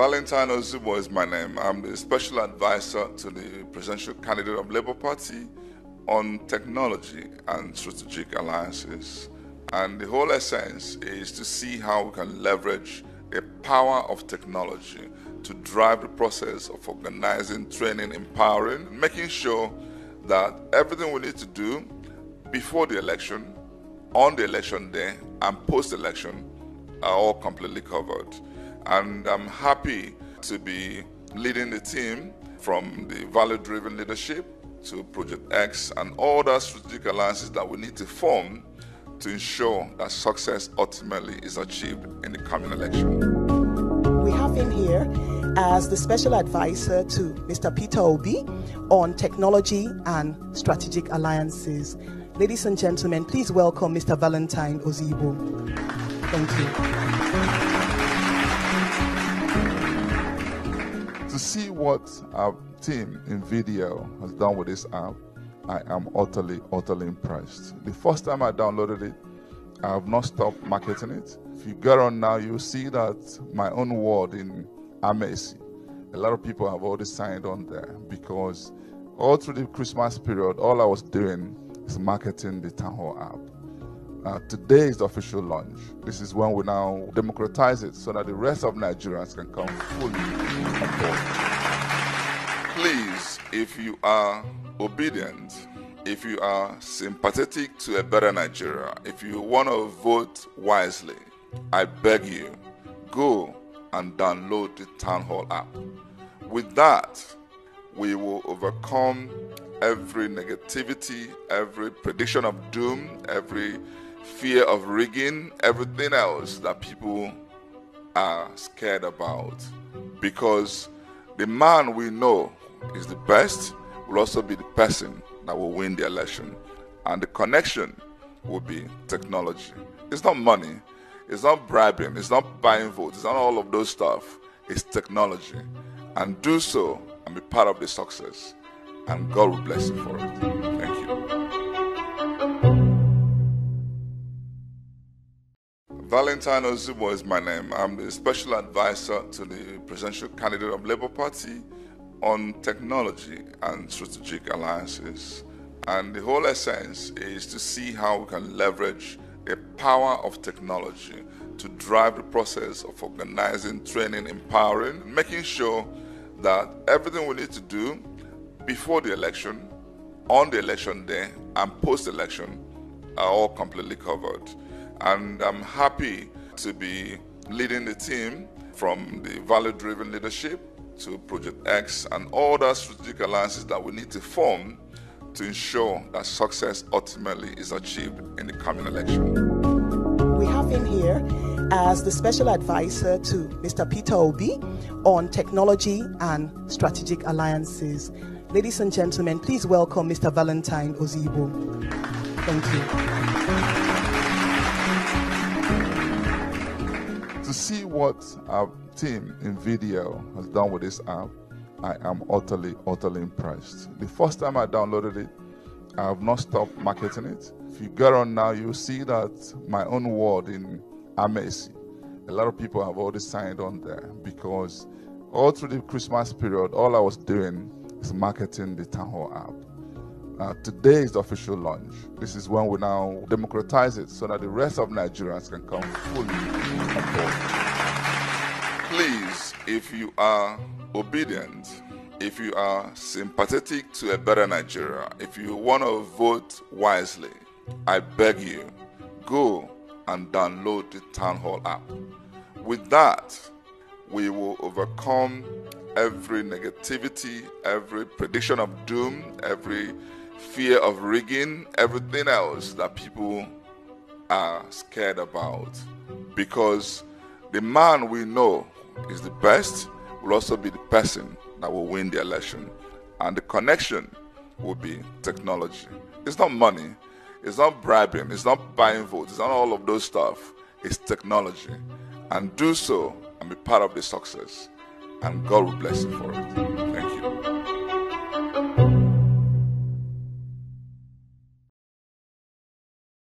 Valentine Ozumo is my name. I'm the special advisor to the presidential candidate of Labour Party on technology and strategic alliances. And the whole essence is to see how we can leverage the power of technology to drive the process of organizing, training, empowering, making sure that everything we need to do before the election, on the election day, and post election are all completely covered. And I'm happy to be leading the team from the value driven leadership to Project X and all the strategic alliances that we need to form to ensure that success ultimately is achieved in the coming election. We have him here as the special advisor to Mr. Peter Obi on technology and strategic alliances. Ladies and gentlemen, please welcome Mr. Valentine Ozibo. Thank you. see what our team in video has done with this app, I am utterly, utterly impressed. The first time I downloaded it, I have not stopped marketing it. If you go on now, you'll see that my own word in Amasy. a lot of people have already signed on there because all through the Christmas period, all I was doing is marketing the Town Hall app. Uh, today is the official launch. This is when we now democratize it so that the rest of Nigerians can come fully on board. Please, if you are obedient, if you are sympathetic to a better Nigeria, if you want to vote wisely, I beg you, go and download the Town Hall app. With that, we will overcome every negativity, every prediction of doom, every fear of rigging, everything else that people are scared about. Because the man we know is the best will also be the person that will win the election. And the connection will be technology. It's not money, it's not bribing, it's not buying votes, it's not all of those stuff. It's technology. And do so and be part of the success. And God will bless you for it. Thank you. Valentine Ozubo is my name. I'm the special advisor to the presidential candidate of Labour Party on technology and strategic alliances. And the whole essence is to see how we can leverage the power of technology to drive the process of organizing, training, empowering, making sure that everything we need to do before the election, on the election day, and post election are all completely covered. And I'm happy to be leading the team from the value driven leadership to Project X and all the strategic alliances that we need to form to ensure that success ultimately is achieved in the coming election. We have him here as the special advisor to Mr. Peter Obi on technology and strategic alliances. Ladies and gentlemen, please welcome Mr. Valentine Ozibo. Thank you. to see what our team in video has done with this app, I am utterly, utterly impressed. The first time I downloaded it, I have not stopped marketing it. If you go on now, you'll see that my own word in Amasy, a lot of people have already signed on there because all through the Christmas period, all I was doing is marketing the Town Hall app. Uh, today is the official launch. This is when we now democratize it so that the rest of Nigerians can come fully on board. Please, if you are obedient, if you are sympathetic to a better Nigeria, if you want to vote wisely, I beg you, go and download the Town Hall app. With that, we will overcome every negativity, every prediction of doom, every fear of rigging, everything else that people are scared about. Because the man we know is the best will also be the person that will win the election. And the connection will be technology. It's not money, it's not bribing, it's not buying votes, it's not all of those stuff. It's technology. And do so and be part of the success. And God will bless you for it. Thank you.